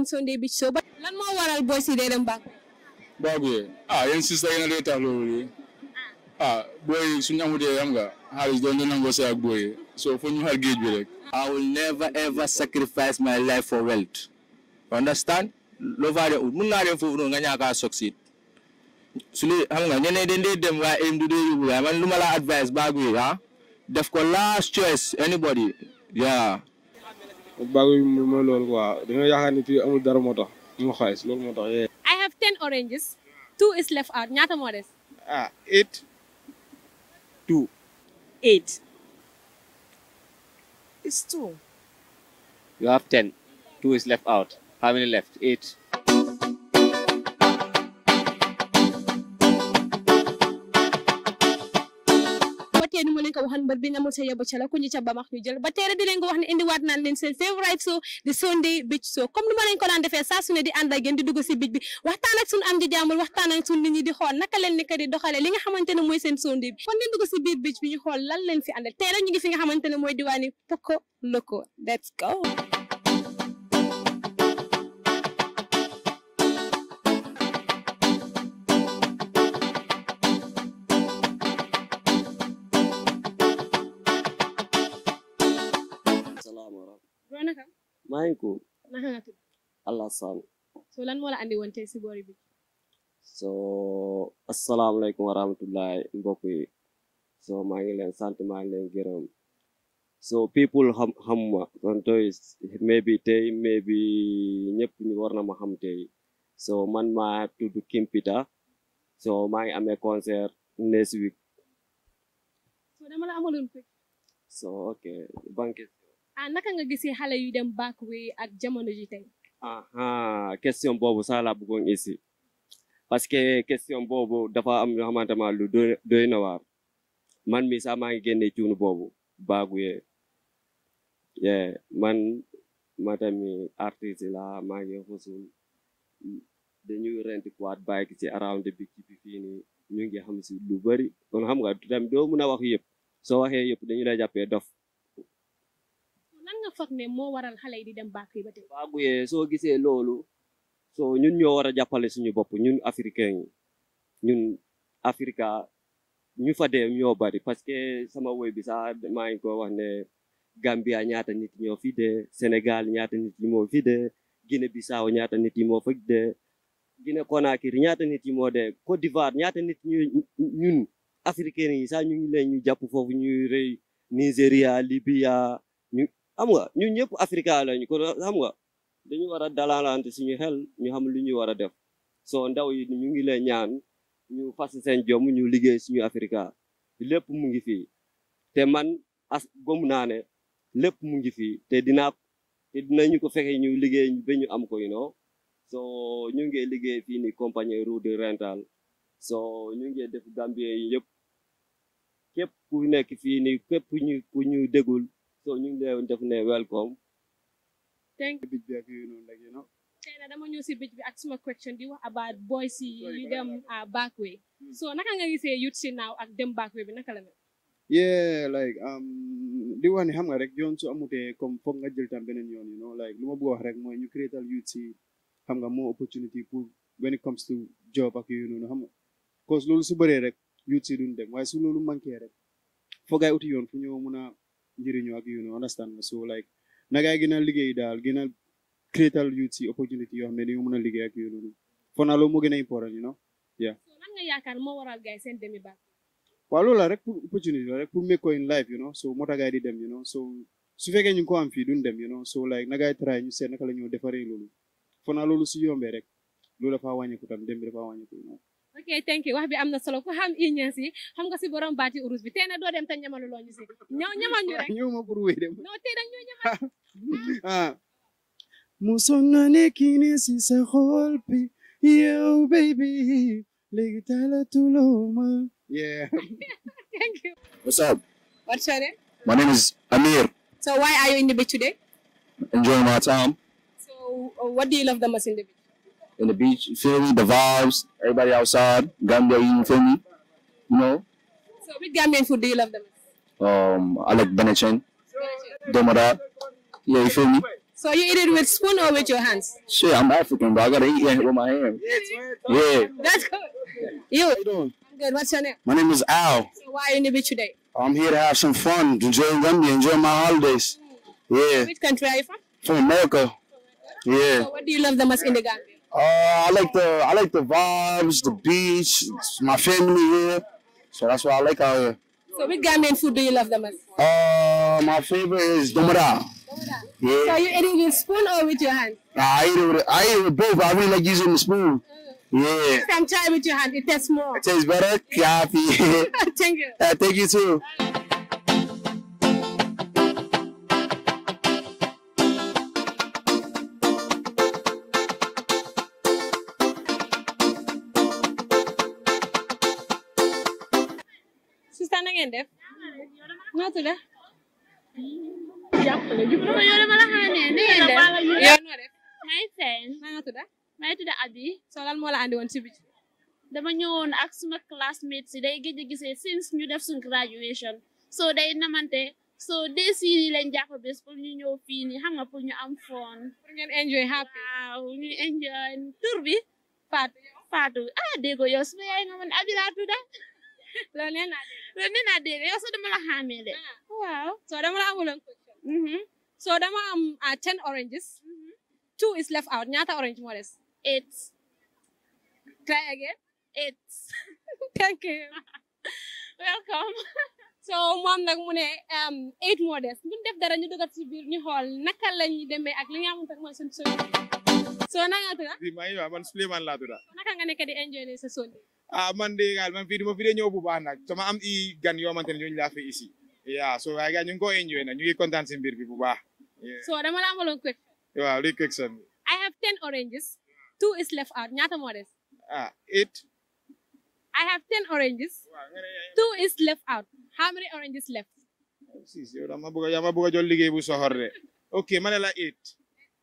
on Sunday Beach so ba lan moo waral boys yi dee dem bank baagu ah yéen si sax yéen a dee tax loolu ah booy suñu amutee xam nga xaalis doon na nangoo say ak so fo ñu xar géej bi I will never ever sacrifice my life for wealth understand loo faa de mun naa dem foofu noonu nga succeed su li xam nga ñeneen dañ dee dem waaye aim to do you. waaye man lu ma la advice ha? ah def ko last choice anybody yeah Ah. I have ten oranges. two is left out ñaata moo des. ah eight. two. eight. it's two. you have ten. two is left out. how many left eight. ko waxoon mbër bi namul sa yóbbu ca max ñu ba teere di leen ko wax ne indiwaat naan leen seen favorite show di Sunday Beach Show comme nu ma leen ko daan defee saa ne di ànd ak di dugg si bij bi waxtaan ak suñu si biir teere ñu nga xamante ne mooy diwaani Poko Loko maa ngi ko. naka nga tudd. Alassane. soo lan moo la andi woon tey si boori bi. soo asalaamaaleykum wa rahmatullahi mbokk yi soo maa ngi leen sant maa ngi leen gërëm soo people xam xam ma tey mais bi tey mais bi ñëpp war na ma xam tey soo man maa tudd Kimpita soo maa ngi amee concert next week. soo dama la amaloon soo ok banque. ah naka nga gisee xale yu dem bac wi ak jamono ji tey. question boobu sax laa bëggoon si parce que question boobu dafa am yoo xamante ne lu doy na waar man mi sax maa ngi génne cuunu boobu bac wi man ma tamit la maa ngi xusul dañuy rent quad bike ci around bi ci bi fii ñu ngi xam si lu bari kon xam nga tamit doo mën wax yëpp soo waxee yëpp dañuy lay jàppee dof nga foog ne moo waral xale yi di dem bàkk yi ba tey. waa Guèye soo gisee loolu soo ñun ñoo war a jàppale suñu bopp ñun africain yi ñun Africa ñu fa dee bari parce que sama woy bi sax maa ngi ko wax Gambia ñaata nit ñoo fi dee Sénégal ñaata nit yi moo fi dee Guinée Bissau ñaata nit yi moo fa dee Guinée Conakry ñaata nit yi moo dee Côte ñaata nit ñu ñun yi sax ñu ngi leen ñu jàpp foofu ñuy rëy Nigeria Libya ñu xam nga ñun ñëpp africa lañ ko am ga dañu war a dalalante suñu xel ñu xam lu ñu war a def soo ndaw yi ñu ngi leen ñaan ñu fas seen jom ñu liggéey suñu africa lépp mu ngi fii te man as gom naa ne lépp mu ngi fii te dinaa te dinañu ko fexe ñu liggéey ba ñu am ko you know soo ñu ngi liggéey fii ni compagnie route de rental soo ñu ngi def Gambie yi yëpp nekk fii ni képp ñu ku ñu dégul so ñu ngi leen def ne welcome. thank you bij noonu like you know. tey nag dama si bij bi ak suma question di wax about boys yi yu dem uh, back way hmm. so naka nga gisee youth si naaw ak dem back way bi naka la mel. yeah um, di wax xam nga rek yoon su amutee comme foog nga jël tam beneen yoon you know like lu ma bëgg rek mooy ñu créatal youth si xam nga moo opportunity pour when it comes to job ak yooyu noonu xam nga cause loolu su bëree rek youth si duñ dem waaye su loolu manqué rek foog uti yoon fu ñëw mun a njëriñu ak you know understand nga so like na gaay gën a liggéey daal gën a créatal youth si opportunity yoo xam ne dañoo a liggéey ak yooyu noonu fo loolu moo gën a important you know yeah so lan nga yaakaar moo waral gaay loolu la rek pour la rek pour make ko in su fekkee ko am fii duñ dem na gaay try ñu la ñoo defaree loolu fo naa loolu su rek loolu dafa wàññeeku tam dem bi dafa ok thank you wax bi amna solo ku xam union si xam nga si borom baati urus bi tey na dem dem te lo ñu si ñaw ñamal ñu rek ñu ma pour wéy dem No tey dañ ñu ñamal ah musoon na ne si sa xol bi yow baby léegi talatuloo ma yeah thank you what's up what's your name my name is Amir so why are you in the beach today enjoying my time so uh, what do you love the most in the beach in the beach. You feel me? The vibes, everybody outside, Gambia, you feel me? You know? So which Gambian food do you love the most? Um, I like Benachin, Domada. Yeah, you feel me? So you eat it with spoon or with your hands? Shit, I'm African, but I gotta eat it with my hands. Yeah. That's good. You? How you doing? good. What's your name? My name is Al. So why are you in the beach today? I'm here to have some fun, enjoy Gambia, enjoy my holidays. Yeah. Which country are you from? From America. America. Yeah. So what do you love the most in the Gambia? Uh, I like the I like the vibes, the beach. It's my family here, so that's why I like out here. So, which Gambian food do you love the most? Uh, my favorite is domada. domada. Yeah. So, are you eating with spoon or with your hand? Nah, I eat it with I eat it with both. I really like using the spoon. Mm. Yeah. Some try with your hand. It tastes more. It tastes better. Coffee. thank you. Uh, thank you too. ngeen ya, def tuh dah? Siapa lagi? ma yow malah la xamee ne ngeen def yow noo def may may abi soo lan la andi woon si biti dama ak suma classmates day gëj a since ñu def graduation so day namante so des yi lañ jàpp bés pour ñu ñëw fii nii xam nga pour ñu am fun pour ngeen enjoy happy waaw ñu enjoy tur bi Fatou Fatou ah déggoo yow suma yaay nga man abi laa tudd loolu nee naa dégg loolu nee naa ya dégg yow nah. soo dama la xaamee de waaw dama la amuloon question soo dama am ten oranges mm-hmm. two is left out Nyata orange moo des eight try again eight thank you welcome so mom nag mu um eight moo des bu ñu def dara ñu dugal ci biir ñu xool naka kan la ñuy demee ak li nga xamante ne mooy suñu solution soo na nga tudd. maa ngi man Souleymane laa tudd. naka kan nga kan nekk di enjoy sa solution ah man de gal man fii du fi bu sama am i gan yoo xamante ne ñooñu fi ici ya, so waaye kan, gars ko enjoy nag ñu ngi mbir bi bu ya. so dama la amaloon quick waaw luy quick sam I have ten oranges two is left out ñaata moo des ah eight I have ten oranges two is left out how many oranges left sis yow dama bëgg yaa ma bëgg a jël liggéey bu de eight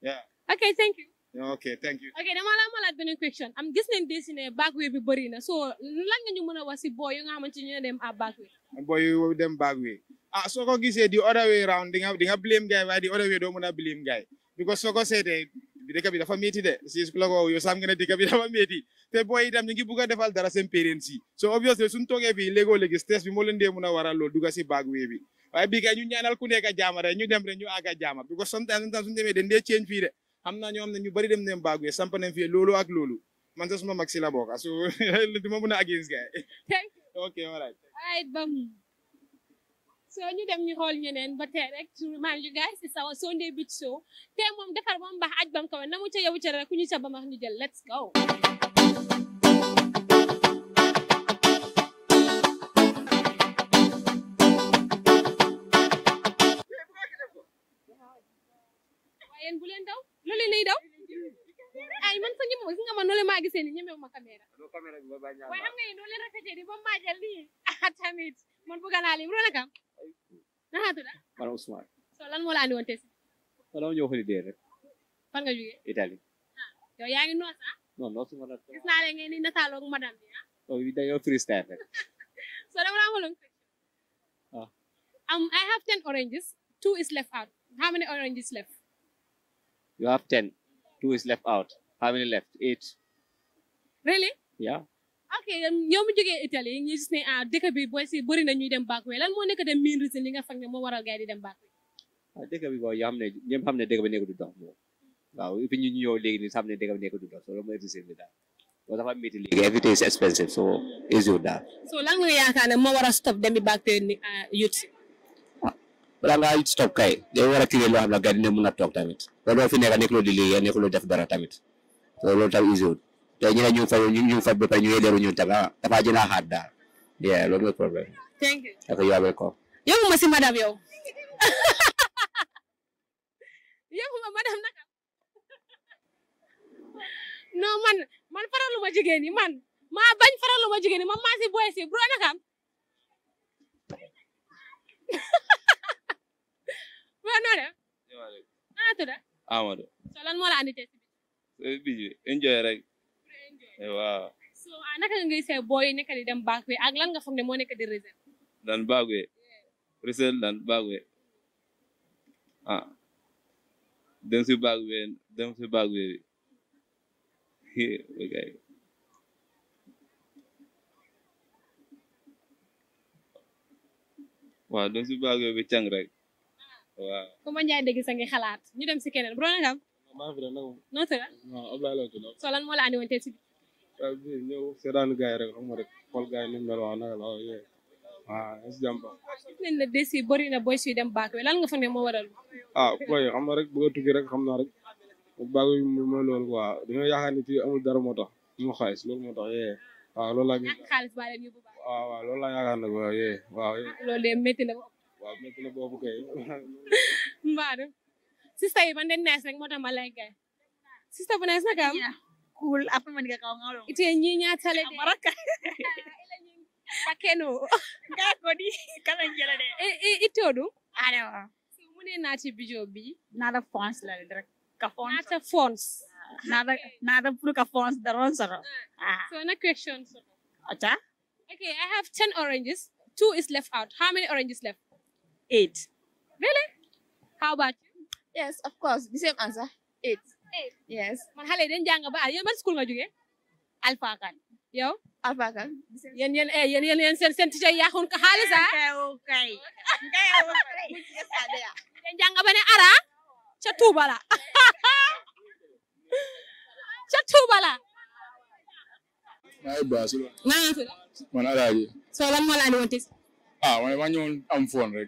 yeah Okay, thank you ok thank you. ok dama laa malaat beneen am gis nañ desi ne backway bi bëri na so lan ñu mën a wax si boy yu nga xamante ñu ne dem à backway. boy yu dem backway ah soo ko gisee di other way round di nga di nga blame gaay waaye di other way doo mën a blame gaay because soo ko seetee dëkk bi dafa de si su la ko yow sam nga ne dëkk bi dafa métti te boy itam ñu ngi bugg defal dara seen parents so obviously suñ toogee fii léegoo léegi stress bi moo leen dee mën a waral si backway bi waaye bii ñu ñaanal ku nekk ñu dem rek ñu am na ñoo xam ne ñu bari dem nañ baagu samp nañ fi loolu ak loolu man suma mag si la bokk so du ma mën a against gars thank you ok alright alright bam so ñu dem ñu xool ñeneen ba tey rek to remind you guys it's our Sunday beach show tey moom defar moom baax aj bam kawe na mu ca yow rek ku ñu ca ba max ñu jël let's go yéen bu leen daw loolu lay daw ay man sax ñëpp gis nga ma noonu maa gisee nii ñemewu ma caméra. waaye xam nga yéen doo leen rafetee di ba mbaajal nii ah, man bëgg naa leen bu doon akam. naa tudd ah. man Ousmane. soo lan moo la andi woon tey si. man dama ñëw holiday rek. fan nga ah, ngi noos ah. ah? Oh, so dama la amoon um, I have ten oranges two is left out how many oranges left. You have 10. 2 is left out. How many left? 8. Really? Yeah. Okay, um, ñoo mu jógee Italy You just ne ah dëkk bi booy si bëri you ñuy dem back way lan moo nekk dem main reason You nga fag ne moo waral gars yi di dem back way. ah dëkk bi booy yoo xam ne ñëpp xam ne dëkk bi to du dox moom waaw fi ñu ñëw léegi nii xam ne dëkk bi nekk du dox so loolu mooy reason bi daal loolu dafa métti everything is expensive so is you daal. so long. nga yaakaar ne moo stop them? bi back to ah, youth. bala nga stop kay day wara tiré lo xam la gadi ne mëna tok tamit lo do fi nekk nek lo di li nek lo def dara tamit so lo tam izo te ñi ñu fa ñu ñu fa ba ñu yéderu ñu tam dafa jina hat daal yeah lo do problème thank you ako yo be ko yow ma si madam yow yow ma madam nak? no man man faraluma jigéen yi man ma bañ faraluma jigéen yi man ma si boy si bro nakam kan? waaw noo def. so lan moo la andi si biir. bi eh, enjoy rek. Eh, waaw. so ah, naka nga gis booy yi di dem baag bi ak lan nga foog ne moo nekk di réserve. dan baag bi réserve dan baag bi ah dem baag bi dem si baag bi waaw dem baag bi càng rek. waaw ku a Ndiaye dégg sa ngi xalaat ñu dem si keneen bro a maa ngi fi de nagam. noo tëdd. waaw Abdoulaye la tudd. soo lan moo la andi woon tey si bi. waaw bii ñëw seetaan rek xool gars yi ni waaw naka la waaw yi bëri na boy suy dem baak bi lan nga foog ne moo waral. ah boy xam nga rek rek xam naa rek baak bi mooy loolu quoi dañoo yaakaar amul dara moo mu xaalis loolu moo tax yee. waaw loolu laa. ñàkk xaalis yaakaar nag waaw yee waaw. loolu de métti na waaw métti na boobu kay. Mbaadu. sista yi man de nees rek moo tax ma lay cool après man nga kaw nga a itee ñi ñaatale de. amaraka. pakeno. ngaa ko di kala jëla de. e itoo du. ale wa. mu bijo bi. Nada fons la rek. ka fons naata fons. Nada, nada pour ka fons daroon soro. Ah. so na question acha. okay I have ten oranges. two is left out how many oranges left. Eight. Really? How about you? Yes, of course. The same answer. Eight. Eight. Yes. Man xale den jàng ba yéen ban school nga jógee? Alpha kan. Yow? Alpha kan. Yéen yéen eh yéen yéen yéen sen seen teacher yaaxun ko xaalis sa. Ah. Okay. Okay. Okay. kay. Den ba ne ara ca Tuuba la. ca Tuuba la. Maa ngi baasu la. Maa ngi baasu So lan moo ni woon Ah man ma am phone rek.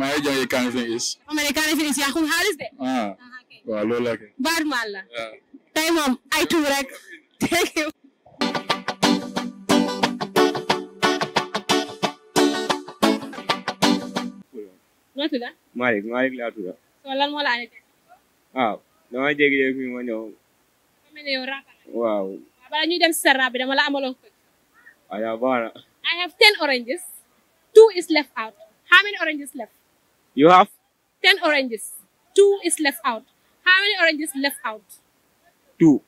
maa ngi jàngee Kanifing East. ma ne Kanifing East yaa de. ah, ah waaw loolu la baat maal la. tey moom ay tuur rek. noo tudd. Malick Malick laa tudd. lan moo la andi tey. waaw ah, dama jékki-jékki ma ñëw. ma bala ñuy dem si sa rap bi dama la amaloon yaa baax I have ten oranges. Two is left out. How many oranges left? You have? 10 oranges. Two is left out. How many oranges left out? Two.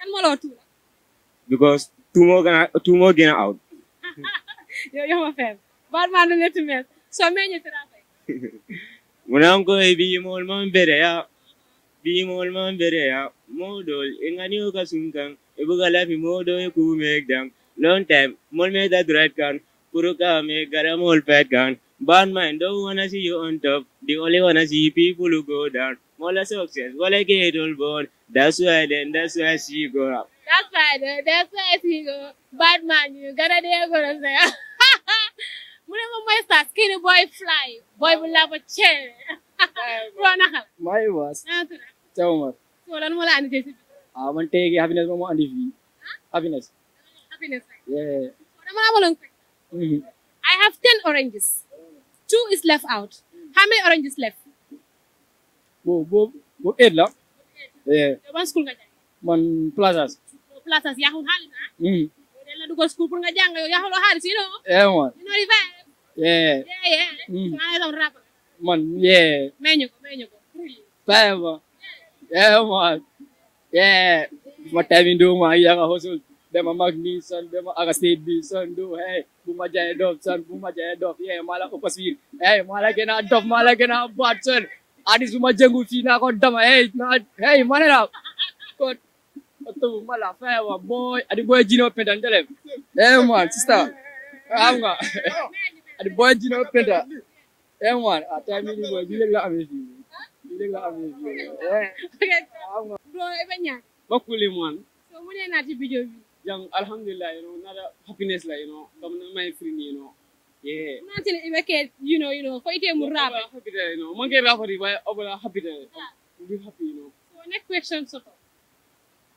And more or two? Because two more gonna, two more gonna out. You're my fam. Bad man in the mess. So many traffic. When I'm going to be more man better, yeah. Be more man better, yeah. Model, in a new kasunkan, Ibuga lafi model, you could make them. Long time, more made that right gun, Puruka make a mole pet gun. Bad mind don't wanna see you on top. They only wanna see people who go down. More success, What I get all born. That's why then, that's why she go up. That's why then, that's why she go. Bad man, you gotta there go to say. Munema moista skinny boy fly. Boy will love a chair. Rona. My was. Tell me. So lan mo la andi Ah, man take happiness mo andi Happiness. Happiness. Yeah. Rona mo la mo mm-hmm. I have 10 oranges. two is left out. How many oranges left? Bo bo bo eight la. Yeah. Eh. Ban school Man plazas. Oh, plazas yaxul xaalis ah. Hmm. Dañ la dugal you know. Yeah man. You know the vibe. Yeah. Yeah yeah. Nga nga doon rap. dema mag nii son dema agasit bi son du hey bu ma jaay dof son bu ma jaay dof yee maa la ëpp siir hey gën a dof maa gën a baat son adis bu ma jëngu fii naa ko dama hey naa hey ma la ko ma la fay wa boy adi boy penta ndele eh man sister am nga adi boy jino penta eh man a ah, tay mi boy bi leg la amé bi leg la amé fi eh nga bro e man yang alhamdulillah, you know, another happiness like, you know, come on my free, you know. Yeah. Imagine if I you know, you know, for it to murab. Happy there, you know. Monkey rap for the way, over happy there. Be happy, you know. So next question, Soto.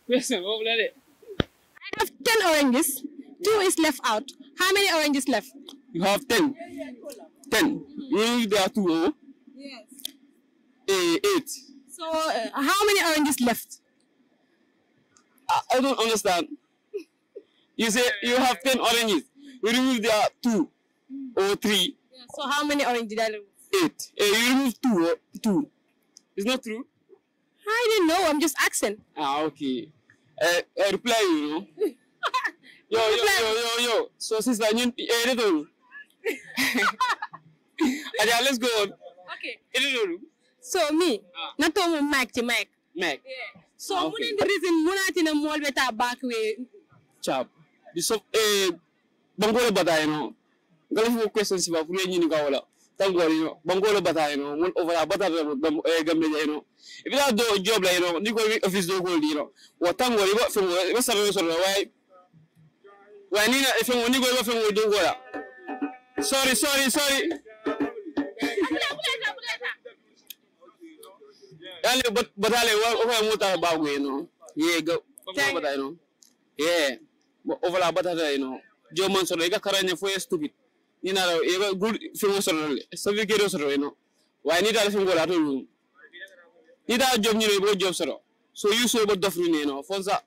Question, over there. I have 10 oranges. Two is left out. How many oranges left? You have 10. Yeah, 10. Mm there are two, oh? Yes. Eh, eight. So, uh, how many oranges left? I don't understand. You say you have 10 oranges. You remove there two or three. Yeah, so how many oranges did I remove? Eight. Uh, you remove two. Eh, two. It's not true? I didn't know. I'm just asking. Ah, okay. Uh, uh, reply, you know. yo, yo, yo, yo, yo. So, sister, you edit on. Aja, let's go on. Okay. Edit on. So, me, ah. not to Mac, to Mac. Mac. Yeah. So, ah, okay. the reason, I'm not in a mall with a back way. Chap. biso eh bangole bataye no ngalifu question si ba fule nyini ka wala tangori no bangole bataye no mon over bata eh, no eh gambe je no ibida do job la no ni ko office do ko di no wa tangori ba fe ba sabe so way way ni na fe ni ko ba fe woni do la sorry sorry sorry Dale, but but I like what I'm talking about, you know. Yeah, go. Yeah ovala batata ino joman soro iga karanya foye stupid ina ra iga good film soro le sabi kero soro ino wai ni dal film gola to lu ni da job ni ibo job soro so you so but dofri ni ino fonsa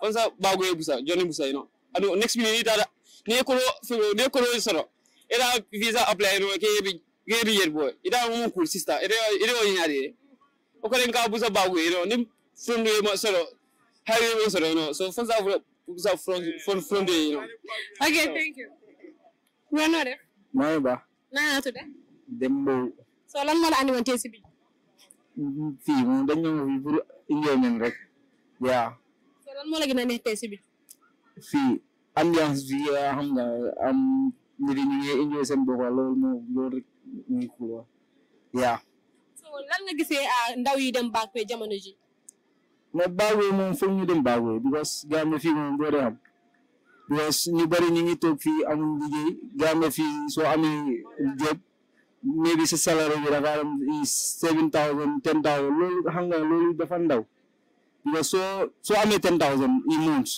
fonsa bago e busa joni busa ino anu next minute ni da ni ko film ni ko soro ida visa apply no ke bi ke bi yer boy ida mo cool sister ida ida o nyaade o ko ren ka busa bago ino ni film ni mo soro hayo mo soro ino so fonsa cooks out from from from the you know. Okay, so. thank you. Nga noo def. maa lan moo la andi woon tey si bi. fii moom dañ ñëw fii pour enjoyment rek. yaa. so lan moo la gën a neex tey si ambiance bi xam nga am nit ñi ñu enjoy seen bopp loolu moo loolu rek ñu ngi yaa. so lan nga gisee ah, ndaw yi dem baak jamono ji. na baago mo foog nyo din because gamme fi moom bore am because ni bëri ni ngi fi fii amuñ liggéey fi so soo job maybe sa salary bi karam is seven thousand ten thousand loolu xam nga loolu because so so ami ten thousand in months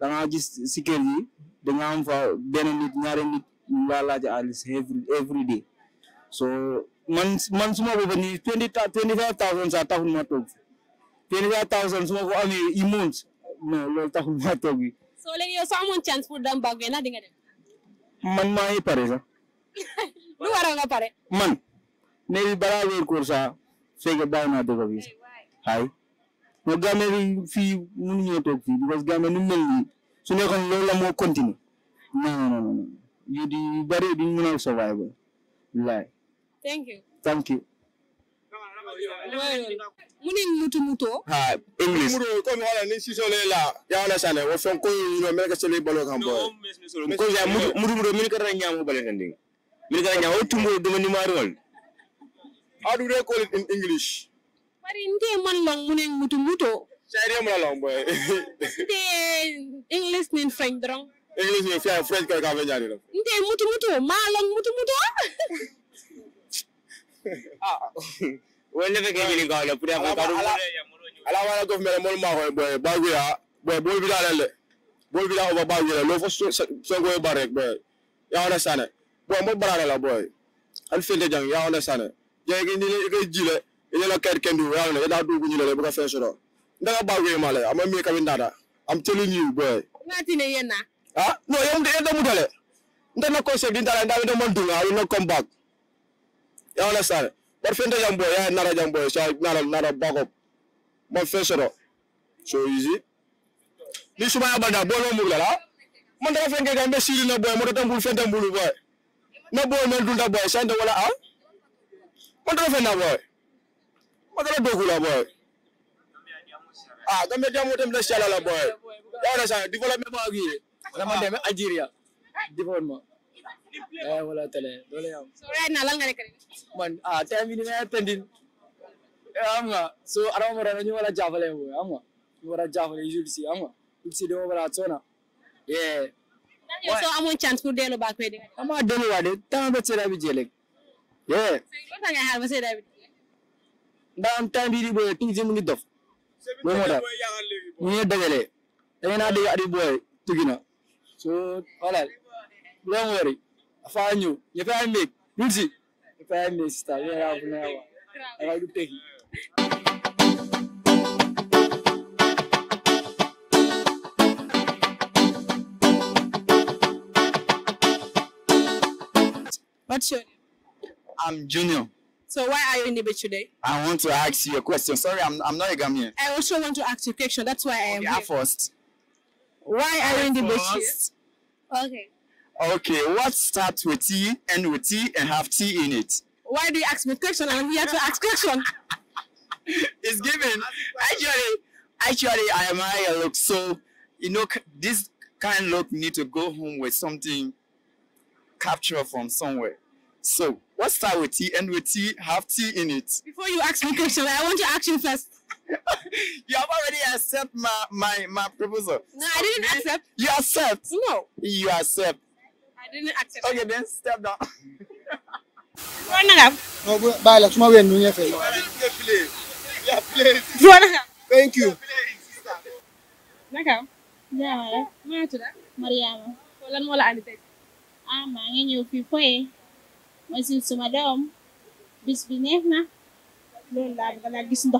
da nga jis si kër gi da nga am fa nit ñaari nit ñu laa laaj every every day so man man suma bo ni twenty twenty five thousand sax taxul ma twenty five thousand su ma ko amee i month non loolu toog bi soo léegi yow soo amoon chance pour dem Banjul na nga dem man maa ngi pare sax lu waroon nga pare man ne bi balaa weer koor sax fekk naa dëkk bi xaay mo Gambie bi fii mënuñoo toog fii because Gambie nu mel nii su nekkoon loolu la moo continuer non non non yu di yu bëri duñ mën a survive wallaay thank you thank you muni mutu muto ha english muru ko mi wala ni si sole la ya wala sane wo fon ko yi no mel ka sole balo kan bo ko ya muru muru mi ka ranya mu balo kan ding mi ka ranya o tumbo do ni marol how do they call it in english mari ndé man long muni mutu muto sari mo long boy ndé english ni french drong english ni french ka ka venya ni ndé mutu muto ma long mutu muto ah wele fɛ k'e ɲininka o la a fɔ kalo ala ala wala ko fɛnɛ mɔlu bi da ale bi da o ba bagu yɛrɛ lɔfɔ sɔnko ye baara ye bɔn ya wɛrɛ san dɛ bɔn i k'i ji i ɲɛna kɛri kɛndu ya wɛrɛ i t'a dugu ɲinɛ lɛ i bɛ ka fɛn sɔrɔ n tɛ ka bagu a ma min ka bi na da I'm telling you bɔn. n'a ah, e ti barfende jam boy yeah nara jam boy nara nara ma fesoro so easy ni suma banda bolo mugla la man da fenge ga be siri na boy mo da mbul fende mbul boy na boy men dunda boy sande wala ah man da fenda boy man da dogula boy ah gambe jamu tem da shala la boy ya na sa development ba gi dama dem algeria eh wala télé loolu yam so ah, bi ni may pendin eh, am nga so adama mo dana ñu wala jàppale am nga ñu wara jàppale jul si am nga jul si dama amoon chance pour delu ba koy de ama delu wa de temps ba sédda bi jël ak yeah so nga bi di boy tuuti mu ngi dof loolu moo tax ñu ngi dajale da ngeen a dégg at bi boy tugi sister have I take What's your name? I'm Junior. So why are you in Ibe today? I want to ask you a question. Sorry, I'm, I'm not a Gambian. I also want to ask you a question. That's why I am okay, here. first. Why are I you in Ibe? Okay. Okay, what starts with T, end with T, and have T in it? Why do you ask me question? I'm here to ask question. it's given. Actually, actually, I am higher look. So, you know, this kind of look need to go home with something captured from somewhere. So, what start with T, end with T, have T in it? Before you ask me question, I want ask action first. you have already accept my my my proposal. No, I didn't accept. You accept. No. You accept. I didn't accept. Okay, then step down. Draw na No, bye. Like, tomorrow we are a Maa ngi ñëw fii foye. Ma si suma doom. Bis bi neex na. Loolu laa bëgg laa gis bi.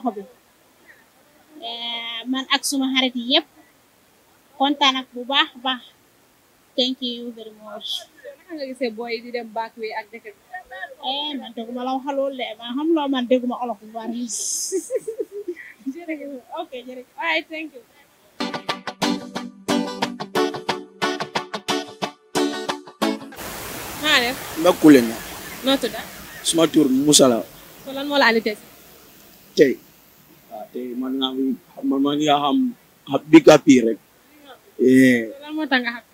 Eh, man ak suma xarit yi kontaan ak bu baax baax. thank you very much nga gisee boy di dem back way ak dëkk eh man déguma la waxaloo le ma xam loo man déguma olof bu bari jërëjëf ok jërëjëf thank you naa def nga kule na noo tudda suma tur Musa la so lan moo la andi tey tey waaw tey man nga man man nga xam big happy rek eh lan moo tax nga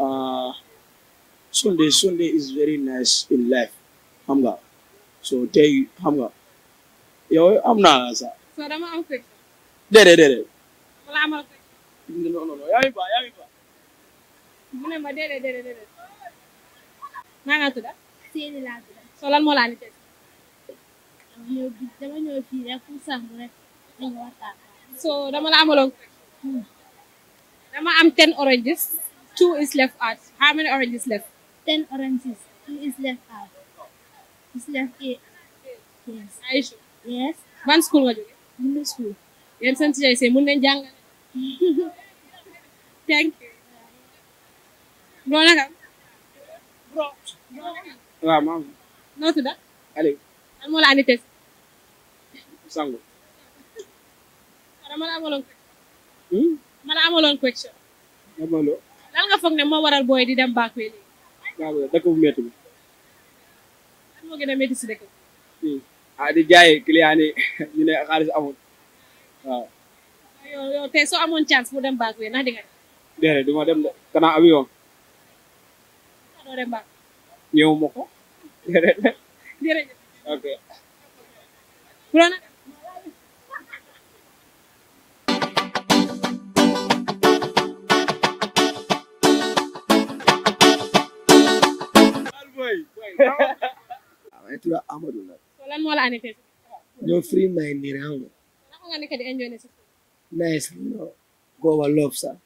uh, Sunday Sunday is very nice in life xam nga so tey xam nga yow am naa sax. so dama am question. déedéet déedéet. wala amal question. non non non yaa ngi ba yaa ngi ba. mu ne ma déedéet déedéet déedéet. naa nga tudd. Seyni laa tudd. so lan moo la andi tey. dama ñëw fii rek pour sax rek dañu waxtaan. so dama la amaloon. Hmm. dama am ten oranges. Two is left out. How many oranges left? Ten oranges. Two is left out. It's left eight. Yes. Are you sure? Yes. Ban school nga jóge? Bundu school. Yéen seen teacher yi say mun Thank you. Bro naka? Bro. Waaw maam. Noo tudd? Aliou. Lan moo la andi test? Sango. Dama la amaloon question. Hmm? Ma question. foog ne moo waral booy di dem baak we léegi. waaw dëkk bu métti moo gën a métti si dëkk hmm. ah, di jaay client yi xaalis amul waaw. yow soo amoon chance mu dem baak we ndax di nga dem. déedéet du ma dem de kanam avion. doo dem baak. ñëw ma ko waaw man tudd Amadou la. lan moo la année ñoo free mind nii rek xam nga. naka nga nekk di enjoy na si. nice no gooba love sax.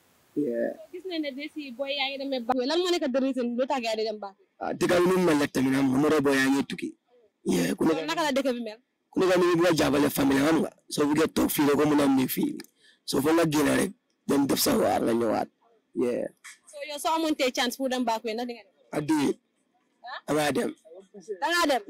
gis nañ ne desi booy yaa ngi demee baax. lan moo nekk de reason lu tax gaa yi di dem baax. ah dëkk bi nu mu mel nag tamit am na booy yaa ngi tukki. ku nekk naka la dëkk bi mel. ku nekk ni nga jàppale famille xam nga soo bëggee toog fii rek ko mun a am fii soo foog nga génn rek dem def sa waar la ñëwaat. soo yow soo amoon tey chance pour dem baax bi nag di nga def. damaa dem. dangaa dem.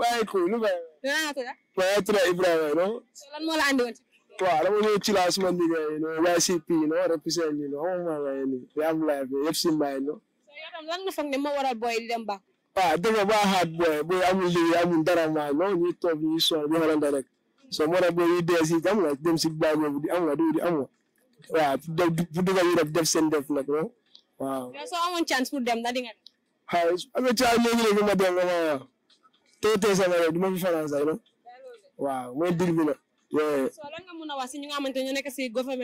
waaye ko nu bàyyi. Ah? waaye tura Ibrahima no. lan moo la andi woon. waaw dama ñëw ci la suma liggéey no YCP no represent ni no xam nga waaye ni bi am live bi yëpp si mbaay no. yow tam lan nga foog ne moo waral booy di dem ba. waaw dëgg ba xaat booy booy amul liggéey amul dara maa no ñuy toog ñuy sonn ñu xalante rek so moo tax booy yi dee si am nga dem si baay boobu di am nga du di am nga waaw pour dugal ñu def seen def nag no. waaw soo amoon chance pour dem da di nga dem waaw amee ci ay léegi léegi ma dem dama tey tey sama réew du ma waaw mooy dil bi la so lan nga mën a wax si ñu nga xamante ñu nekk si liggéey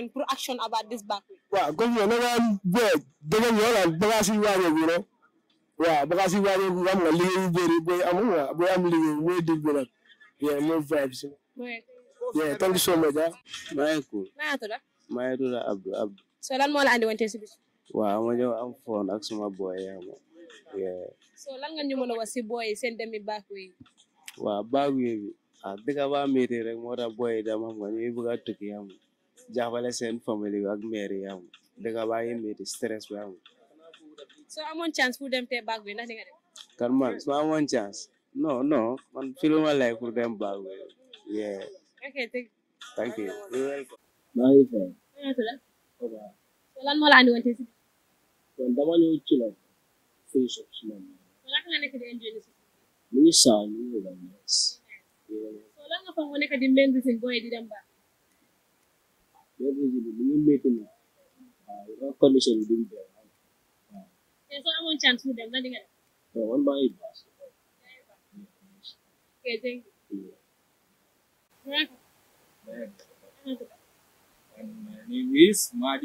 yu bëri booy amul waaw booy am liggéey mooy dil bi la yeah mooy vibe si yeah thank you so much ah. maa ngi tudd Abdou Abdou so lan moo la andi woon tey waaw ma ñëw am fon ak suma boy ya yeah so lan nga ñu mëna wax ci boy seen demi back way waaw back way bi ah dëgg ba mété rek moo tax boy dama xam nga ñuy bëgg a tukki am ya, jaxbale seen famille bi ya, ak mère yi ba yi mété stress bi am ya, so amoon chance pour dem te back way ndax nga dem kan man so amoon chance no no man ma lay pour dem back way yeah okay thank you you're welcome maa ngi fay lan moo la andi woon kon dama ñëw ci la fii sax si man. lan nga nekk di enjoy si. mu ngi saa ñu ngi la nees. soo nga foog mu nekk di méngu booy di dem ba. bi mu métti bi duñ dem waaw. te soo amoon chance di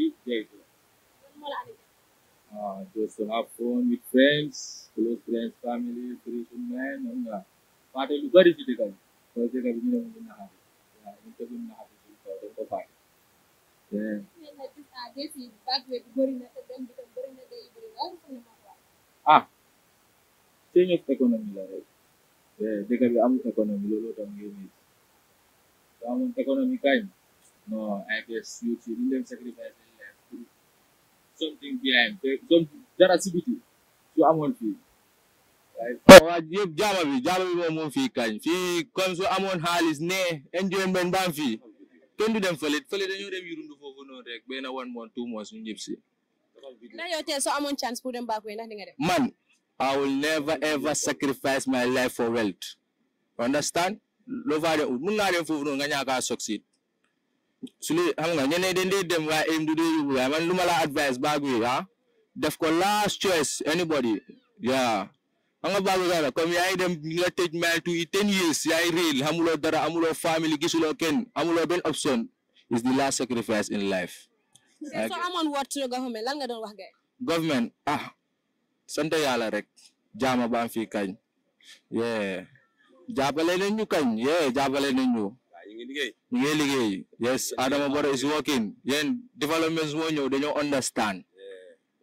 nga def. Uh, just have fun with friends, close friends, family, spiritual men, and uh, but it is very difficult. So they can be in the habit. Yeah, in the habit, so they go back. Yeah. Ah, change of economy la rek. dëkk bi amul économie loolu tam ngay nit amul économie kañ. non I guess you should sacrifice something behind some dara si biti su amoon fii jaama bi jaama bi moom moom fii kañ fii comme su amoon xaalis ne enjoyment baa fii kenn du dem fële fële dañoo dem yurundu foofu noonu rek benn one month two months ñu ñëpp si ndax yow tey amoon chance pour dem baako yi ndax di dem man I will never ever sacrifice my life for wealth understand loo faa de ut mun dem foofu noonu nga ñaaka succeed su lee na nga ñeneen dem waaye aim du dee yóbbu waaye lu ma la advice ba wi ah def ko last choice anybody ya xam ba baagu dara comme yaa ngi dem nga tëj mile to ten years amuloo dara amuloo family gisuloo kenn amuloo ben option is the last sacrifice in life. soo amoon word government nga doon wax gay. government ah sant yàlla rek jaama baa fi kañ yee jàppale nañ ñu kañ yee jàppale nañ ñu ngi liggéey yes Adama Barrow is working yéen development moo ñëw dañoo understand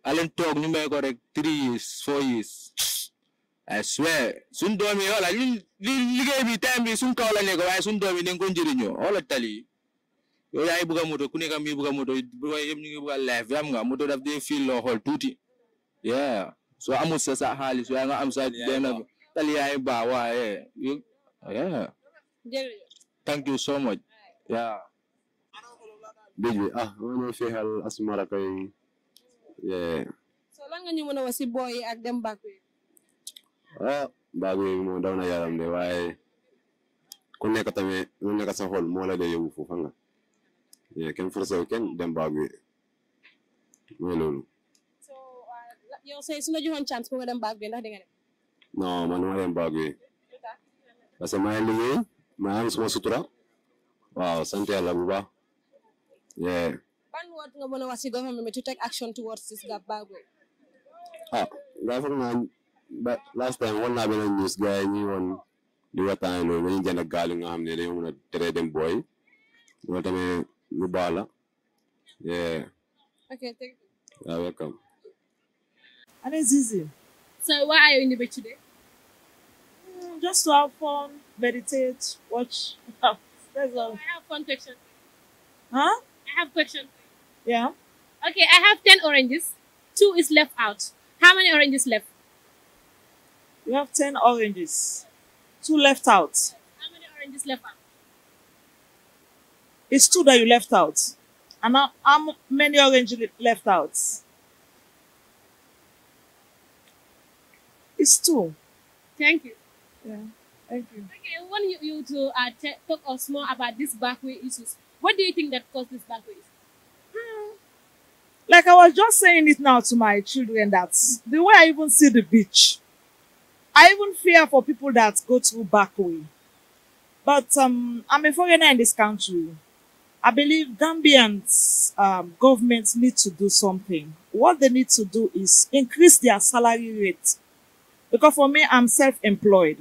alen toog ñu may ko rek three years four years I swear suñ yi wala ñun liggéey bi time bi suñ kaw la nekk waaye suñ doom yi ko njëriñoo wala tali yow yaa ngi moto ku nekk mi bugg a moto yëpp ñu ngi bugg yam nga moto daf dee fil loo tuuti yeah soo amul sa sa xaalis waaye nga am sa benn tali yaa ngi baax waaye thank you so much. ya Biji, ah, wono fi hal asmara kay. Yeah. So lan nga ñu mëna wax ci boy ak dem back Ah, back mo daw na yaram de eh, waye ku nekk tamé ñu nekk sa xol mo ah, la dee yewu foofa nga. Yeah, ken forcé wu kenn dem back way. Mooy loolu. So, yow say suñu joxon chance ko nga dem back way ndax di nga dem? Non, man ma dem back way. Parce que ma ligue maa semua sutra. Wow, santai sant buba. yeah. ban word nga mën wasi government to take action towards this gap bago. ah daa foog but last time one nabi benn news guy yi ñuy woon di waxtaane loolu dañuy jënd gaal yi nga xam ne boy, mën a teree yeah. Okay, thank you You're ah, welcome Hello Zizi, so why are you in the bed today mm, just to have fun meditate, watch. That's all. I have one question. Huh? I have question. Yeah. Okay, I have 10 oranges. Two is left out. How many oranges left? You have 10 oranges. Two left out. How many oranges left out? It's two that you left out. And how, how many oranges left out? It's two. Thank you. Yeah. Thank Okay, I want you to uh, talk us more about this backway issues. What do you think that caused this backway? Hmm. Like I was just saying it now to my children that the way I even see the beach, I even fear for people that go through backway. But um, I'm a foreigner in this country. I believe Gambians um, governments need to do something. What they need to do is increase their salary rate. Because for me, I'm self-employed.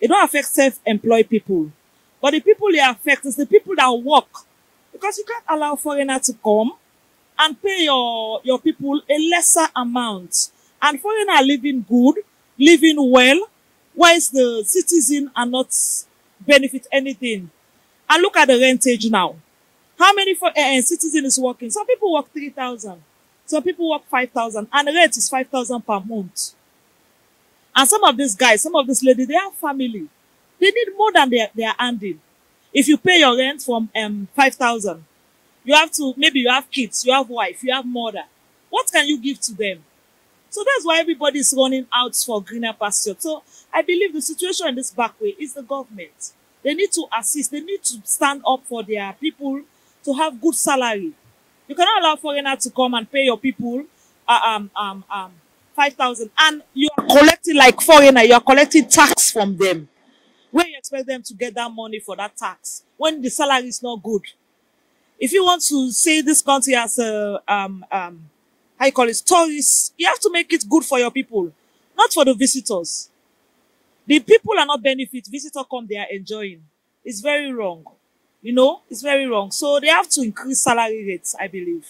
It don't affect self-employed people. But the people they affect is the people that work. Because you can't allow foreigner to come and pay your, your people a lesser amount. And foreigner living good, living well, whereas the citizen are not benefit anything. And look at the rentage now. How many for, uh, citizen is working? Some people work 3,000. Some people work 5,000. And rent is 5,000 per month. And some of these guys, some of these ladies, they have family. They need more than they, they are handing. If you pay your rent from um, 5,000, you have to, maybe you have kids, you have wife, you have mother. What can you give to them? So that's why everybody is running out for greener pasture. So I believe the situation in this back way is the government. They need to assist. They need to stand up for their people to have good salary. You cannot allow foreigners to come and pay your people uh, um, um, um, 5,000 and you are collecting like foreigner, you are collecting tax from them. Where you expect them to get that money for that tax when the salary is not good? If you want to see this country as a, um, um, how you call it, tourist, you have to make it good for your people, not for the visitors. The people are not benefit. Visitor come, they are enjoying. It's very wrong. You know, it's very wrong. So they have to increase salary rates, I believe.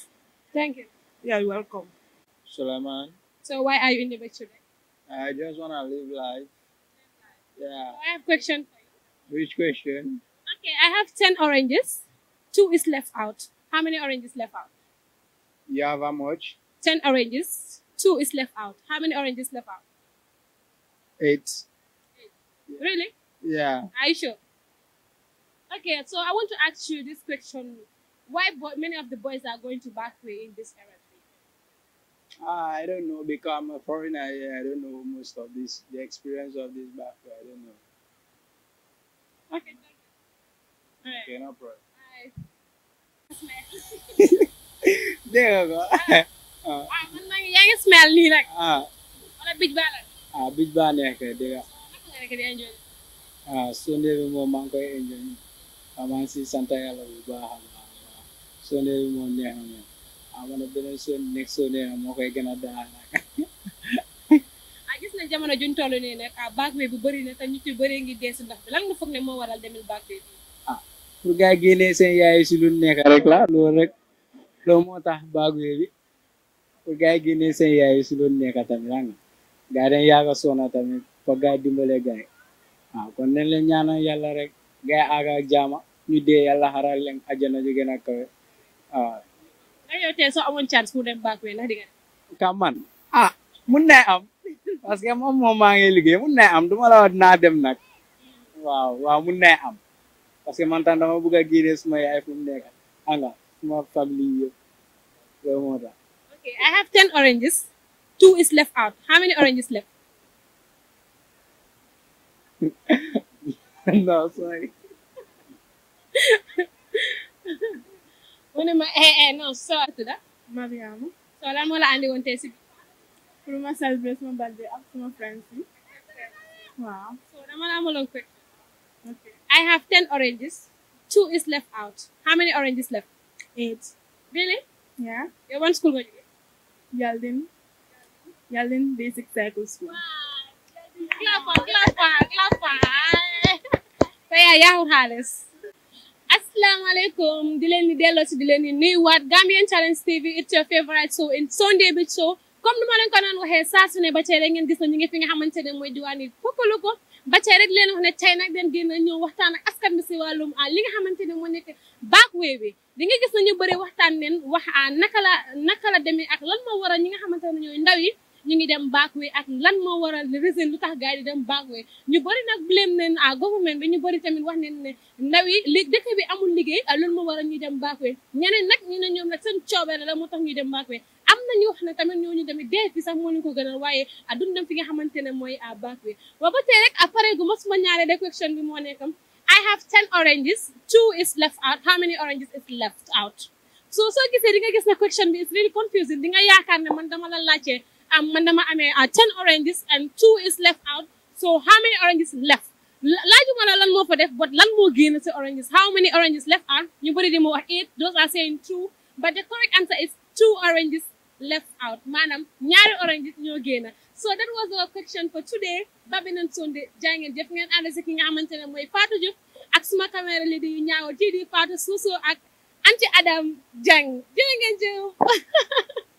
Thank you. Yeah, you're welcome. Suleiman. So why are you in the today? I just want to live life. Yeah. So I have question for you. Which question? Okay, I have 10 oranges. Two is left out. How many oranges left out? You have how much? 10 oranges. Two is left out. How many oranges left out? Eight. Eight. Really? Yeah. Are you sure? Okay, so I want to ask you this question. Why many of the boys are going to Bakwe in this area? Ah, I don't know because I'm a foreigner. I don't know most of this, the experience of this back. I don't know. Okay, thank you. Right. Okay, no problem. there you go. Ah. Ah. man yaa smell nii rek. wala bij baa la. ah bij baa nekk dëgg. naka nga enjoy. ah sonde bi moom maa ngi koy enjoy. maa ngi si sant yàlla bu baax a baax. sonde bi moom neex na amoon na beneen soo nekk soo nee na moo koy gën a daal ah gis na jamono juñ toll nii nag ah baag bi bu bëri na te ñu ci bëree ngi dee si ndox bi lan nga ne moo waral demil baag bi ah pour moo tax baag bi pour gars yi génnee seen yaay si lu nekk tamit la nga gars yaaga soona tamit foog gars dimbale gars ah, kon nañ leen ñaanal yàlla rek gars yi jaama ñu dee yàlla xaral leen àjjana ju gën a kawe waaw ah. ayo tey so amun chance mu dem back way di ka ah mun na am parce que moom moom maa ngi liggéey mun am du ma la wax naa dem nag waaw waaw mun na am parce que man tam dama bëgg a suma yaay fu anga ah, suma famille yëpp loolu okay I have ten oranges two is left out how many oranges left no sorry eh, eh so andi friends so okay I have ten oranges two is left out how many oranges left eight really yeah You want school nga you? Yaldin Yaldin basic cycle school clap clap clap so yaa yaa xaalis asalaamaaleykum di leen di delloo si di leen di nuyuwaat Gambian Challenge TV it's your favorite show in Sunday Beach Show comme ni ma leen ko doon waxee saa su ne ba tey rek ngeen gis na ñu ngi nga xamante ne mooy diwaan yi poppalu ko ba tey rek leen wax ne tey nag den génn ñëw waxtaan ak askan bi si wàllum a ah, li nga xamante ne moo nekk back way bi di nga gis nañu bëri waxtaan nen wax a ah, naka la naka la demee ak lan moo waral ñi nga xamante ne ñooy ndaw yi ñu ngi dem back way ak lan moo waral raison lu tax gars yi dem back way ñu bëri nag blame neen à government bi ñu bëri tamit wax neen ne ndaw yi léegi dëkk bi amul liggéey ah loolu moo waral ñu dem back way ñeneen nag ñu ne ñoom nag seen coobere la moo tax ñuy dem back way am na ñu wax ne tamit ñooñu tamit dee fi sax moo ñu ko gënal waaye ah duñ dem fi nga xamante ne mooy à ah, back way waaw ba tey rek après gu ma suma ñaare bi moo nekkam I have ten oranges two is left out how many oranges soo gisee di nga gis ne question bi is really confusing nga yaakaar ne man dama la laajte am man dama amee ah, ten oranges and two is left out so how many oranges left laajuma la lan moo fa def but lan moo génn si oranges how many oranges left out ñu bëri di ma wax eight those are saying two but the correct answer is two oranges left out maanaam ñaari oranges ñoo génn so that was our question for today ba beneen sonde jaa ngeen jëf ngeen ànd ki nga xamante ne mooy Fatou Diouf ak suma caméra li di ñaaw ji di Fatou Suso ak anti Adam Jang